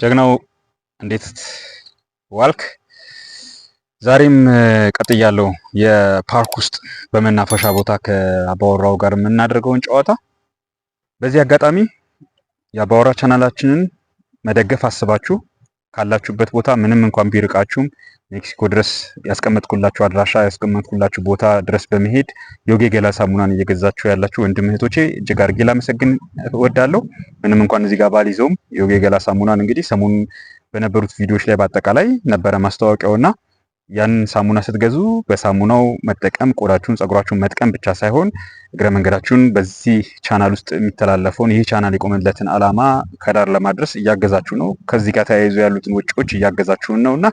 ጀግናው እንዴት ዋልክ? ዛሬም ቀጥ ያለው የፓርክ ውስጥ በመናፈሻ ቦታ ከአባወራው ጋር የምናደርገውን ጨዋታ። በዚህ አጋጣሚ የአባወራ ቻናላችንን መደገፍ አስባችሁ ካላችሁበት ቦታ ምንም እንኳን ቢርቃችሁም ሜክሲኮ ድረስ ያስቀመጥኩላችሁ አድራሻ ያስቀመጥኩላችሁ ቦታ ድረስ በመሄድ ዮጊ ገላ ሳሙናን እየገዛችሁ ያላችሁ ወንድም እህቶቼ እጅግ አድርጌ ላመሰግን እወዳለሁ። ምንም እንኳን እዚህ ጋር ባልይዘውም ዮጊ ገላ ሳሙናን እንግዲህ ሰሞኑን በነበሩት ቪዲዮዎች ላይ በአጠቃላይ ነበረ ማስታወቂያውና ያንን ሳሙና ስትገዙ በሳሙናው መጠቀም ቆዳችሁን፣ ጸጉራችሁን መጥቀም ብቻ ሳይሆን እግረ መንገዳችሁን በዚህ ቻናል ውስጥ የሚተላለፈውን ይህ ቻናል የቆመለትን ዓላማ ከዳር ለማድረስ እያገዛችሁ ነው። ከዚህ ጋር ተያይዞ ያሉትን ወጪዎች እያገዛችሁን ነው እና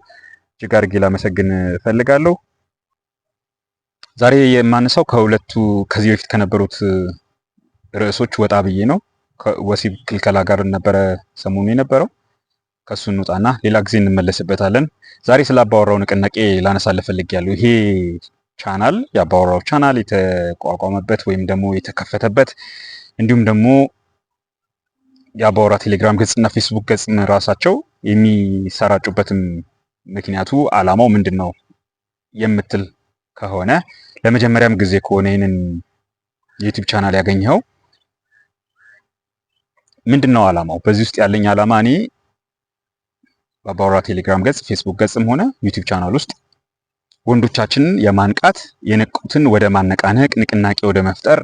እጅግ አድርጌ ላመሰግን እፈልጋለሁ። ዛሬ የማነሳው ከሁለቱ ከዚህ በፊት ከነበሩት ርዕሶች ወጣ ብዬ ነው። ወሲብ ክልከላ ጋር ነበረ ሰሞኑ የነበረው ከሱ እንውጣና ሌላ ጊዜ እንመለስበታለን። ዛሬ ስለ አባወራው ንቅናቄ ላነሳልህ ያሉ ይሄ ቻናል የአባወራው ቻናል የተቋቋመበት ወይም ደግሞ የተከፈተበት እንዲሁም ደግሞ የአባወራ ቴሌግራም ገጽና ፌስቡክ ገጽ ራሳቸው የሚሰራጩበትም ምክንያቱ አላማው ምንድን ነው የምትል ከሆነ ለመጀመሪያም ጊዜ ከሆነ ይህንን ዩቲዩብ ቻናል ያገኘኸው ምንድን ነው አላማው? በዚህ ውስጥ ያለኝ ዓላማ እኔ በአባወራ ቴሌግራም ገጽ፣ ፌስቡክ ገጽም ሆነ ዩቲዩብ ቻናል ውስጥ ወንዶቻችንን የማንቃት የነቁትን ወደ ማነቃነቅ ንቅናቄ ወደ መፍጠር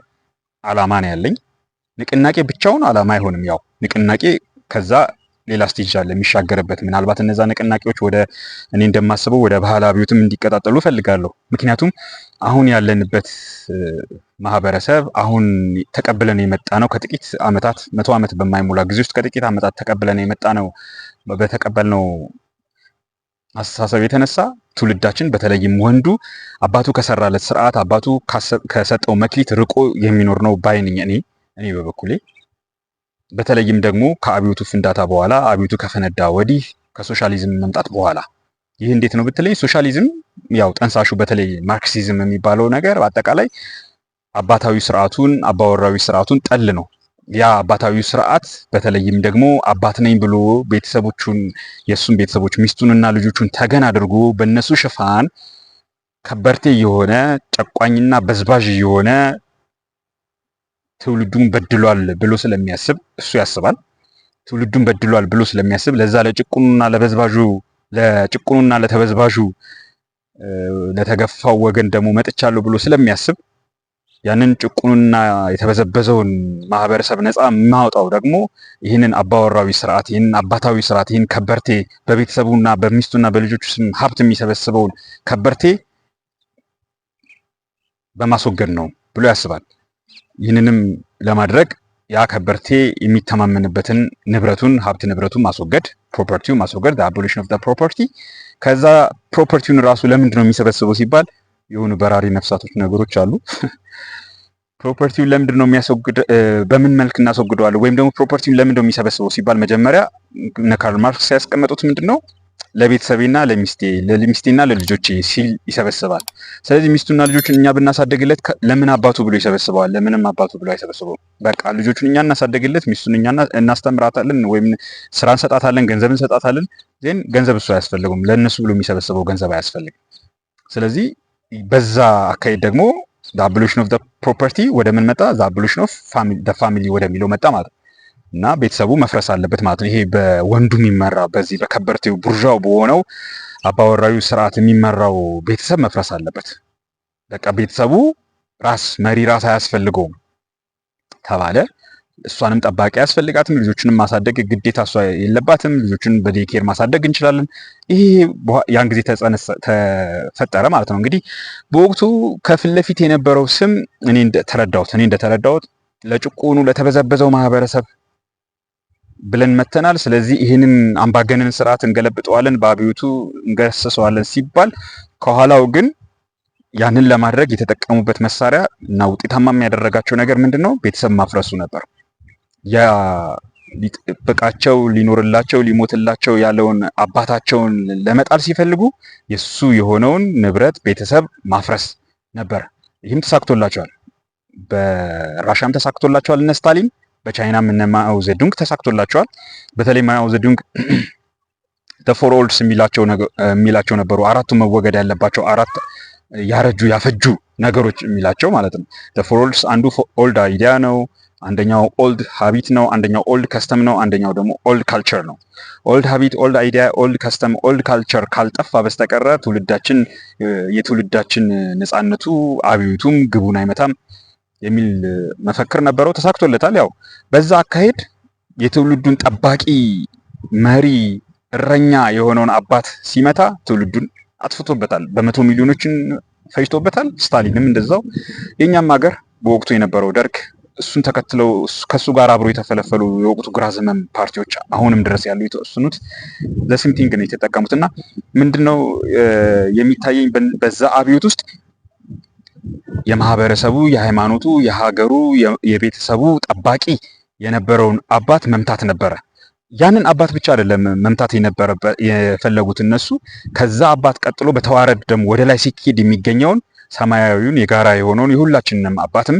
አላማ ነው ያለኝ። ንቅናቄ ብቻውን አላማ አይሆንም። ያው ንቅናቄ ከዛ ሌላ ስቴጅ አለ የሚሻገርበት። ምናልባት እነዛ ንቅናቄዎች ወደ እኔ እንደማስበው ወደ ባህል አብዮትም እንዲቀጣጠሉ እፈልጋለሁ። ምክንያቱም አሁን ያለንበት ማህበረሰብ አሁን ተቀብለን የመጣ ነው ከጥቂት ዓመታት መቶ ዓመት በማይሞላ ጊዜ ውስጥ ከጥቂት ዓመታት ተቀብለን የመጣ ነው በተቀበልነው አስተሳሰብ የተነሳ ትውልዳችን በተለይም ወንዱ አባቱ ከሰራለት ስርዓት አባቱ ከሰጠው መክሊት ርቆ የሚኖር ነው ባይንኝ እኔ እኔ በበኩሌ በተለይም ደግሞ ከአብዮቱ ፍንዳታ በኋላ አብዮቱ ከፈነዳ ወዲህ ከሶሻሊዝም መምጣት በኋላ ይህ እንዴት ነው ብትለይ ሶሻሊዝም ያው ጠንሳሹ በተለይ ማርክሲዝም የሚባለው ነገር በአጠቃላይ አባታዊ ስርዓቱን አባወራዊ ስርዓቱን ጠል ነው ያ አባታዊ ስርዓት በተለይም ደግሞ አባት ነኝ ብሎ ቤተሰቦቹን የእሱን ቤተሰቦች ሚስቱንና ልጆቹን ተገን አድርጎ በእነሱ ሽፋን ከበርቴ የሆነ ጨቋኝና በዝባዥ የሆነ ትውልዱን በድሏል ብሎ ስለሚያስብ እሱ ያስባል። ትውልዱን በድሏል ብሎ ስለሚያስብ ለዛ ለጭቁኑና ለበዝባዡ ለጭቁኑና ለተበዝባዡ ለተገፋው ወገን ደግሞ መጥቻለሁ ብሎ ስለሚያስብ ያንን ጭቁንና የተበዘበዘውን ማህበረሰብ ነፃ የማውጣው ደግሞ ይህንን አባወራዊ ስርዓት፣ ይህንን አባታዊ ስርዓት፣ ይህን ከበርቴ በቤተሰቡና በሚስቱና በልጆቹ ስም ሀብት የሚሰበስበውን ከበርቴ በማስወገድ ነው ብሎ ያስባል። ይህንንም ለማድረግ ያ ከበርቴ የሚተማመንበትን ንብረቱን ሀብት ንብረቱን ማስወገድ ፕሮፐርቲው ማስወገድ አቦሊሽን ኦፍ ፕሮፐርቲ። ከዛ ፕሮፐርቲውን ራሱ ለምንድን ነው የሚሰበስበው ሲባል የሆኑ በራሪ ነፍሳቶች ነገሮች አሉ። ፕሮፐርቲውን ለምንድን ነው የሚያስወግድ? በምን መልክ እናስወግደዋለን ወይም ደግሞ ፕሮፐርቲውን ለምንድን ነው የሚሰበስበው ሲባል መጀመሪያ ነካርል ማርክስ ያስቀመጡት ምንድን ነው ለቤተሰቤና ለሚስቴ ለሚስቴና ለልጆቼ ሲል ይሰበስባል። ስለዚህ ሚስቱና ልጆቹን እኛ ብናሳደግለት ለምን አባቱ ብሎ ይሰበስበዋል? ለምንም አባቱ ብሎ አይሰበስበውም። በቃ ልጆቹን እኛ እናሳደግለት፣ ሚስቱን እኛ እናስተምራታለን፣ ወይም ስራ እንሰጣታለን፣ ገንዘብ እንሰጣታለን። ዜን ገንዘብ እሱ አያስፈልጉም። ለእነሱ ብሎ የሚሰበስበው ገንዘብ አያስፈልግም። ስለዚህ በዛ አካሄድ ደግሞ ዛብሉሽን ኦፍ ፕሮፐርቲ ወደ ምን መጣ? ዛብሉሽን ኦፍ ፋሚሊ ወደሚለው መጣ ማለት ነው። እና ቤተሰቡ መፍረስ አለበት ማለት ነው። ይሄ በወንዱ የሚመራ በዚህ በከበርቴው ቡርዣው በሆነው አባወራዊ ስርዓት የሚመራው ቤተሰብ መፍረስ አለበት። በቃ ቤተሰቡ ራስ መሪ ራስ አያስፈልገውም ተባለ። እሷንም ጠባቂ አያስፈልጋትም። ልጆችንም ማሳደግ ግዴታ እሷ የለባትም። ልጆችን በዴኬር ማሳደግ እንችላለን። ይሄ ያን ጊዜ ተፈጠረ ማለት ነው። እንግዲህ በወቅቱ ከፊት ለፊት የነበረው ስም እኔ ተረዳሁት እኔ እንደተረዳሁት ለጭቁኑ ለተበዘበዘው ማህበረሰብ ብለን መተናል። ስለዚህ ይህንን አምባገነን ስርዓት እንገለብጠዋለን፣ በአብዮቱ እንገሰሰዋለን ሲባል ከኋላው ግን ያንን ለማድረግ የተጠቀሙበት መሳሪያ እና ውጤታማ የሚያደረጋቸው ነገር ምንድን ነው? ቤተሰብ ማፍረሱ ነበር። ሊጠብቃቸው ሊኖርላቸው ሊሞትላቸው ያለውን አባታቸውን ለመጣል ሲፈልጉ የሱ የሆነውን ንብረት ቤተሰብ ማፍረስ ነበር። ይህም ተሳክቶላቸዋል። በራሻም ተሳክቶላቸዋል እነ ስታሊን፣ በቻይናም እነ ማኦ ዜዱንግ ተሳክቶላቸዋል። በተለይ ማኦ ዘዱንግ ፎር ኦልድስ የሚላቸው ነበሩ። አራቱ መወገድ ያለባቸው አራት ያረጁ ያፈጁ ነገሮች የሚላቸው ማለት ነው። ፎር ኦልድስ አንዱ ኦልድ አይዲያ ነው። አንደኛው ኦልድ ሀቢት ነው፣ አንደኛው ኦልድ ከስተም ነው፣ አንደኛው ደግሞ ኦልድ ካልቸር ነው። ኦልድ ሀቢት፣ ኦልድ አይዲያ፣ ኦልድ ከስተም፣ ኦልድ ካልቸር ካልጠፋ በስተቀረ ትውልዳችን የትውልዳችን ነፃነቱ አብዮቱም ግቡን አይመታም የሚል መፈክር ነበረው። ተሳክቶለታል። ያው በዛ አካሄድ የትውልዱን ጠባቂ መሪ እረኛ የሆነውን አባት ሲመታ ትውልዱን አጥፍቶበታል። በመቶ ሚሊዮኖችን ፈጅቶበታል። ስታሊንም እንደዛው። የእኛም ሀገር በወቅቱ የነበረው ደርግ እሱን ተከትለው ከእሱ ጋር አብሮ የተፈለፈሉ የወቅቱ ግራ ዘመም ፓርቲዎች አሁንም ድረስ ያሉ የተወሰኑት ለሲምቲንግ ነው የተጠቀሙት እና ምንድን ነው የሚታየኝ በዛ አብዮት ውስጥ የማህበረሰቡ፣ የሃይማኖቱ፣ የሀገሩ፣ የቤተሰቡ ጠባቂ የነበረውን አባት መምታት ነበረ። ያንን አባት ብቻ አይደለም መምታት የፈለጉት እነሱ ከዛ አባት ቀጥሎ በተዋረድ ደግሞ ወደ ላይ ሲኬድ የሚገኘውን ሰማያዊውን የጋራ የሆነውን የሁላችንንም አባትም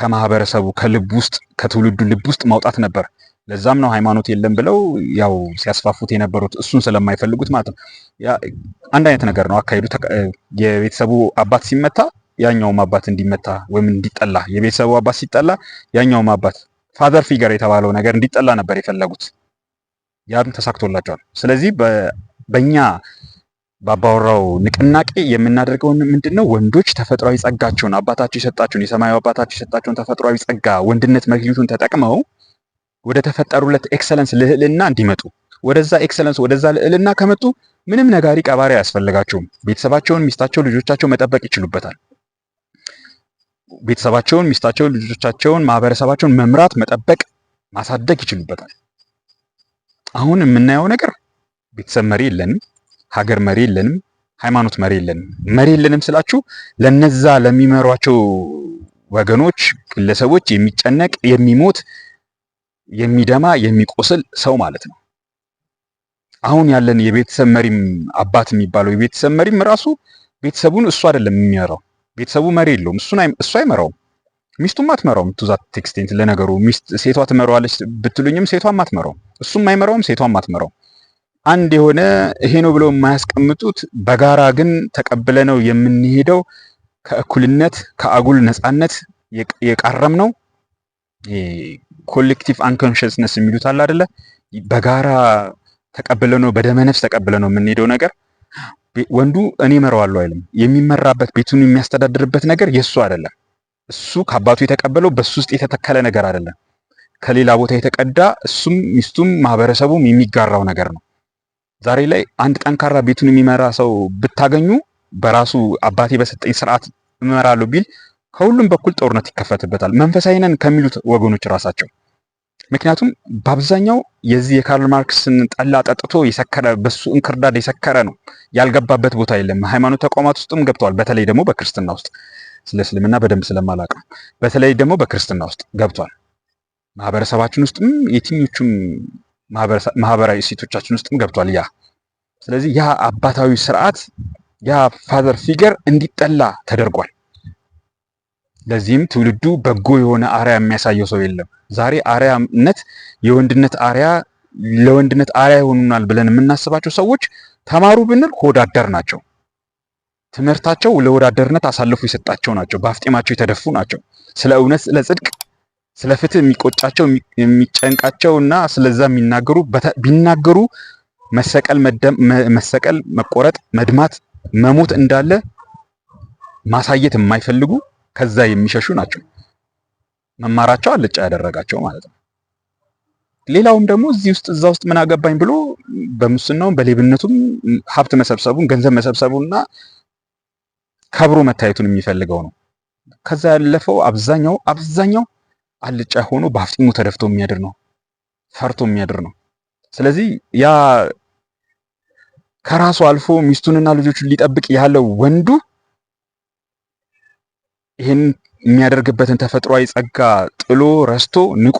ከማህበረሰቡ ከልብ ውስጥ ከትውልዱ ልብ ውስጥ ማውጣት ነበር። ለዛም ነው ሃይማኖት የለም ብለው ያው ሲያስፋፉት የነበሩት እሱን ስለማይፈልጉት ማለት ነው። አንድ አይነት ነገር ነው አካሄዱ። የቤተሰቡ አባት ሲመታ ያኛውም አባት እንዲመታ ወይም እንዲጠላ፣ የቤተሰቡ አባት ሲጠላ ያኛውም አባት ፋዘር ፊገር የተባለው ነገር እንዲጠላ ነበር የፈለጉት። ያም ተሳክቶላቸዋል። ስለዚህ በእኛ በአባወራው ንቅናቄ የምናደርገውን ምንድን ነው? ወንዶች ተፈጥሯዊ ጸጋቸውን አባታቸው የሰጣቸውን የሰማያዊ አባታቸው የሰጣቸውን ተፈጥሯዊ ጸጋ ወንድነት መክሊቱን ተጠቅመው ወደ ተፈጠሩለት ኤክሰለንስ ልዕልና እንዲመጡ ወደዛ ኤክሰለንስ ወደዛ ልዕልና ከመጡ ምንም ነጋሪ ቀባሪ አያስፈልጋቸውም። ቤተሰባቸውን፣ ሚስታቸው፣ ልጆቻቸው መጠበቅ ይችሉበታል። ቤተሰባቸውን፣ ሚስታቸውን፣ ልጆቻቸውን፣ ማህበረሰባቸውን መምራት፣ መጠበቅ፣ ማሳደግ ይችሉበታል። አሁን የምናየው ነገር ቤተሰብ መሪ የለንም። ሀገር መሪ የለንም፣ ሃይማኖት መሪ የለንም። መሪ የለንም ስላችሁ ለነዛ ለሚመሯቸው ወገኖች፣ ግለሰቦች የሚጨነቅ የሚሞት የሚደማ የሚቆስል ሰው ማለት ነው። አሁን ያለን የቤተሰብ መሪም አባት የሚባለው የቤተሰብ መሪም ራሱ ቤተሰቡን እሱ አይደለም የሚመራው። ቤተሰቡ መሪ የለውም፣ እሱ አይመራውም። ሚስቱም አትመራውም። ቱዛ ቴክስቴንት ለነገሩ ሚስት ሴቷ ትመራዋለች ብትሉኝም ሴቷም አትመራውም። እሱም አይመራውም፣ ሴቷም አትመራውም። አንድ የሆነ ይሄ ነው ብለው የማያስቀምጡት በጋራ ግን ተቀብለ ነው የምንሄደው ከእኩልነት ከአጉል ነፃነት የቃረም ነው ኮሌክቲቭ አንኮንሽስነስ የሚሉት አለ አይደለ? በጋራ ተቀብለ ነው በደመ ነፍስ ተቀብለ ነው የምንሄደው ነገር። ወንዱ እኔ መረዋለሁ አይልም። የሚመራበት ቤቱን የሚያስተዳድርበት ነገር የእሱ አይደለም። እሱ ከአባቱ የተቀበለው በሱ ውስጥ የተተከለ ነገር አይደለም። ከሌላ ቦታ የተቀዳ እሱም ሚስቱም ማህበረሰቡም የሚጋራው ነገር ነው። ዛሬ ላይ አንድ ጠንካራ ቤቱን የሚመራ ሰው ብታገኙ በራሱ አባቴ በሰጠኝ ስርዓት እመራለሁ ቢል ከሁሉም በኩል ጦርነት ይከፈትበታል። መንፈሳዊ ነን ከሚሉት ወገኖች ራሳቸው። ምክንያቱም በአብዛኛው የዚህ የካርል ማርክስን ጠላ ጠጥቶ የሰከረ በሱ እንክርዳድ የሰከረ ነው፣ ያልገባበት ቦታ የለም። ሃይማኖት ተቋማት ውስጥም ገብተዋል። በተለይ ደግሞ በክርስትና ውስጥ ስለ እስልምና በደንብ ስለማላቅ በተለይ ደግሞ በክርስትና ውስጥ ገብቷል። ማህበረሰባችን ውስጥም የትኞቹም ማህበራዊ እሴቶቻችን ውስጥም ገብቷል ያ። ስለዚህ ያ አባታዊ ስርዓት ያ ፋዘር ፊገር እንዲጠላ ተደርጓል። ለዚህም ትውልዱ በጎ የሆነ አርያ የሚያሳየው ሰው የለም። ዛሬ አርያነት የወንድነት አርያ ለወንድነት አርያ ይሆኑናል ብለን የምናስባቸው ሰዎች ተማሩ ብንል ሆዳደር ናቸው። ትምህርታቸው ለወዳደርነት አሳልፎ የሰጣቸው ናቸው። በአፍጤማቸው የተደፉ ናቸው። ስለ እውነት፣ ስለ ጽድቅ ስለ ፍትህ የሚቆጫቸው የሚጨንቃቸው እና ስለዛ የሚናገሩ ቢናገሩ መሰቀል መሰቀል መቆረጥ መድማት መሞት እንዳለ ማሳየት የማይፈልጉ ከዛ የሚሸሹ ናቸው። መማራቸው አልጫ ያደረጋቸው ማለት ነው። ሌላውም ደግሞ እዚህ ውስጥ እዛ ውስጥ ምን አገባኝ ብሎ በሙስናውም በሌብነቱም ሀብት መሰብሰቡን ገንዘብ መሰብሰቡና ከብሮ መታየቱን የሚፈልገው ነው። ከዛ ያለፈው አብዛኛው አብዛኛው አልጫ ሆኖ በአፍጢሙ ተደፍቶ የሚያድር ነው፣ ፈርቶ የሚያድር ነው። ስለዚህ ያ ከራሱ አልፎ ሚስቱንና ልጆቹን ሊጠብቅ ያለው ወንዱ ይህን የሚያደርግበትን ተፈጥሯዊ ጸጋ ጥሎ ረስቶ ንቆ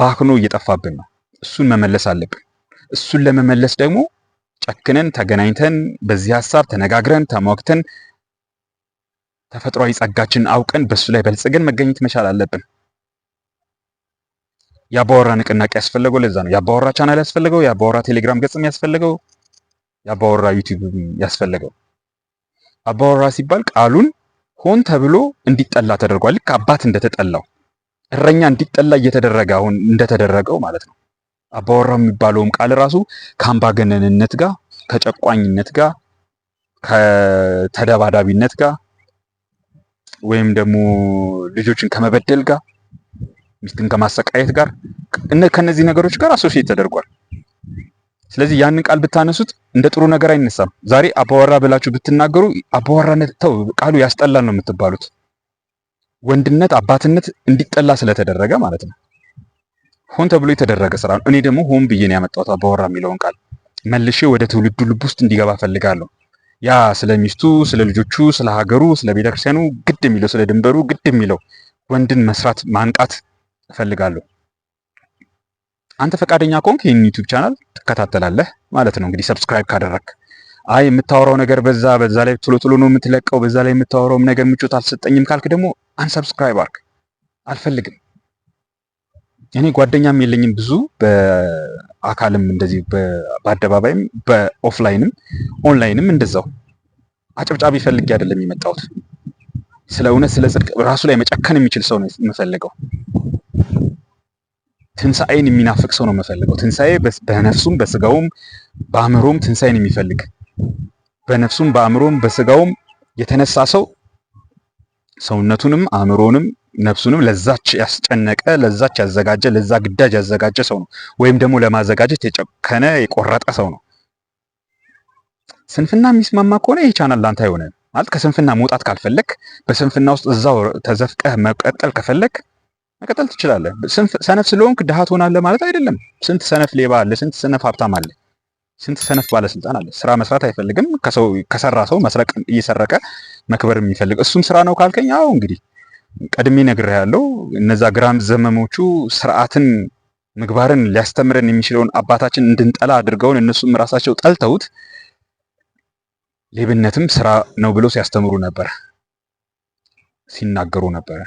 ባክኖ እየጠፋብን ነው። እሱን መመለስ አለብን። እሱን ለመመለስ ደግሞ ጨክነን ተገናኝተን በዚህ ሀሳብ ተነጋግረን ተሟግተን ተፈጥሯዊ ጸጋችን አውቀን በሱ ላይ በልጽገን መገኘት መቻል አለብን። የአባወራ ንቅናቄ ያስፈለገው ለዛ ነው። የአባወራ ቻናል ያስፈለገው፣ የአባወራ ቴሌግራም ገጽም ያስፈለገው፣ የአባወራ ዩቲዩብ ያስፈለገው። አባወራ ሲባል ቃሉን ሆን ተብሎ እንዲጠላ ተደርጓል። ልክ አባት እንደተጠላው እረኛ እንዲጠላ እየተደረገ አሁን እንደተደረገው ማለት ነው። አባወራ የሚባለውም ቃል ራሱ ከአምባገነንነት ጋር ከጨቋኝነት ጋር ከተደባዳቢነት ጋር ወይም ደግሞ ልጆችን ከመበደል ጋር ሚስትን ከማሰቃየት ጋር ከነዚህ ነገሮች ጋር አሶሲዬት ተደርጓል። ስለዚህ ያንን ቃል ብታነሱት እንደ ጥሩ ነገር አይነሳም። ዛሬ አባወራ ብላችሁ ብትናገሩ አባወራነት ተው ቃሉ ያስጠላል ነው የምትባሉት። ወንድነት፣ አባትነት እንዲጠላ ስለተደረገ ማለት ነው። ሆን ተብሎ የተደረገ ስራ ነው። እኔ ደግሞ ሆን ብዬ ነው ያመጣሁት አባወራ የሚለውን ቃል መልሼ ወደ ትውልዱ ልብ ውስጥ እንዲገባ ፈልጋለሁ። ያ ስለ ሚስቱ፣ ስለ ልጆቹ፣ ስለ ሀገሩ፣ ስለ ቤተክርስቲያኑ ግድ የሚለው ስለ ድንበሩ ግድ የሚለው ወንድን መስራት ማንቃት እፈልጋለሁ። አንተ ፈቃደኛ ከሆንክ ይህን ዩቲዩብ ቻናል ትከታተላለህ ማለት ነው። እንግዲህ ሰብስክራይብ ካደረክ አይ የምታወራው ነገር በዛ በዛ ላይ ቶሎ ቶሎ ነው የምትለቀው፣ በዛ ላይ የምታወራውም ነገር ምቾት አልሰጠኝም ካልክ ደግሞ አንሰብስክራይብ አርክ። አልፈልግም። እኔ ጓደኛም የለኝም ብዙ በአካልም እንደዚህ በአደባባይም በኦፍላይንም ኦንላይንም እንደዛው አጨብጫቢ ፈልጌ አይደለም የመጣሁት። ስለ እውነት ስለ ጽድቅ ራሱ ላይ መጨከን የሚችል ሰው ነው የምፈልገው። ትንሣኤን የሚናፍቅ ሰው ነው የምፈልገው። ትንሣኤ በነፍሱም በስጋውም በአእምሮም ትንሣኤን የሚፈልግ በነፍሱም በአእምሮም በስጋውም የተነሳ ሰው ሰውነቱንም አእምሮንም ነፍሱንም ለዛች ያስጨነቀ ለዛች ያዘጋጀ ለዛ ግዳጅ ያዘጋጀ ሰው ነው፣ ወይም ደግሞ ለማዘጋጀት የጨከነ የቆረጠ ሰው ነው። ስንፍና የሚስማማ ከሆነ ይህ ቻናል ላንተ አይሆነ ማለት ከስንፍና መውጣት ካልፈለግ፣ በስንፍና ውስጥ እዛው ተዘፍቀህ መቀጠል ከፈለግ መቀጠል ትችላለህ። ሰነፍ ስለሆንክ ድሃ ትሆናለህ ማለት አይደለም። ስንት ሰነፍ ሌባ አለ፣ ስንት ሰነፍ ሀብታም አለ፣ ስንት ሰነፍ ባለስልጣን አለ። ስራ መስራት አይፈልግም። ከሰራ ሰው መስረቅ እየሰረቀ መክበር የሚፈልግ እሱም ስራ ነው ካልከኝ፣ አዎ እንግዲህ ቀድሜ ያለው እነዛ ግራም ዘመሞቹ ስርዓትን ምግባርን ሊያስተምረን የሚችለውን አባታችን እንድንጠላ አድርገውን እነሱም ራሳቸው ጠልተውት ሌብነትም ስራ ነው ብለው ሲያስተምሩ ነበር፣ ሲናገሩ ነበር።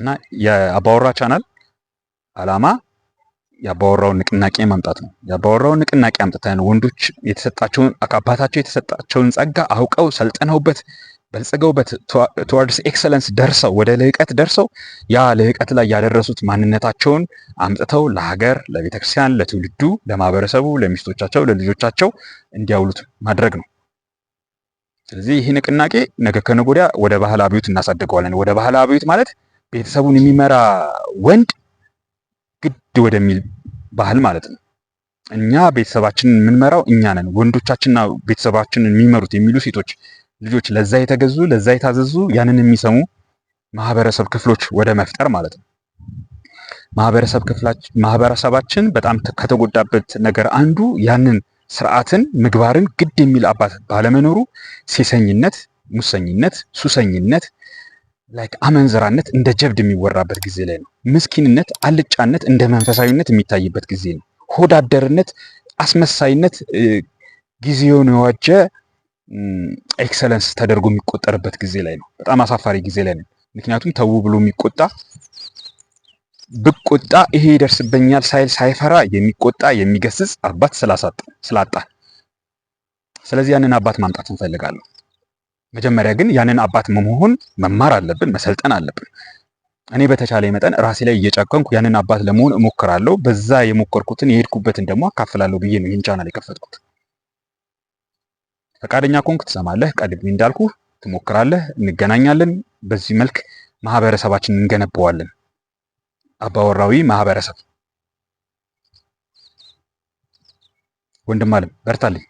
እና የአባወራ ቻናል አላማ የአባወራውን ንቅናቄ ማምጣት ነው። የአባወራውን ንቅናቄ አምጥተን ወንዶች የተሰጣቸውን አባታቸው የተሰጣቸውን ጸጋ አውቀው ሰልጥነውበት በልጽገውበት ቱዋርድስ ኤክሰለንስ ደርሰው ወደ ልህቀት ደርሰው ያ ልህቀት ላይ ያደረሱት ማንነታቸውን አምጥተው ለሀገር፣ ለቤተክርስቲያን፣ ለትውልዱ፣ ለማህበረሰቡ፣ ለሚስቶቻቸው፣ ለልጆቻቸው እንዲያውሉት ማድረግ ነው። ስለዚህ ይህ ንቅናቄ ነገ ከነገ ወዲያ ወደ ባህል አብዮት እናሳድገዋለን። ወደ ባህል አብዮት ማለት ቤተሰቡን የሚመራ ወንድ ግድ ወደሚል ባህል ማለት ነው። እኛ ቤተሰባችንን የምንመራው እኛ ነን፣ ወንዶቻችንና ቤተሰባችንን የሚመሩት የሚሉ ሴቶች ልጆች ለዛ የተገዙ ለዛ የታዘዙ ያንን የሚሰሙ ማህበረሰብ ክፍሎች ወደ መፍጠር ማለት ነው። ማህበረሰብ ክፍላችን ማህበረሰባችን በጣም ከተጎዳበት ነገር አንዱ ያንን ስርዓትን ምግባርን ግድ የሚል አባት ባለመኖሩ ሴሰኝነት፣ ሙሰኝነት፣ ሱሰኝነት ላይክ አመንዝራነት እንደ ጀብድ የሚወራበት ጊዜ ላይ ነው። ምስኪንነት፣ አልጫነት እንደ መንፈሳዊነት የሚታይበት ጊዜ ነው። ሆዳደርነት፣ አስመሳይነት ጊዜውን የዋጀ ኤክሰለንስ ተደርጎ የሚቆጠርበት ጊዜ ላይ ነው። በጣም አሳፋሪ ጊዜ ላይ ነው። ምክንያቱም ተው ብሎ የሚቆጣ ብቆጣ ይሄ ይደርስበኛል ሳይል ሳይፈራ የሚቆጣ የሚገስጽ አባት ስላጣ፣ ስለዚህ ያንን አባት ማምጣት እንፈልጋለሁ። መጀመሪያ ግን ያንን አባት መሆን መማር አለብን፣ መሰልጠን አለብን። እኔ በተቻለ መጠን ራሴ ላይ እየጨከንኩ ያንን አባት ለመሆን እሞክራለሁ። በዛ የሞከርኩትን የሄድኩበትን ደግሞ አካፍላለሁ ብዬ ነው ይህን ቻናል የከፈትኩት። ፈቃደኛ ኮንክ ትሰማለህ፣ ቀድሜ እንዳልኩ ትሞክራለህ፣ እንገናኛለን። በዚህ መልክ ማህበረሰባችን እንገነባዋለን። አባወራዊ ማህበረሰብ። ወንድም አለም በርታልኝ።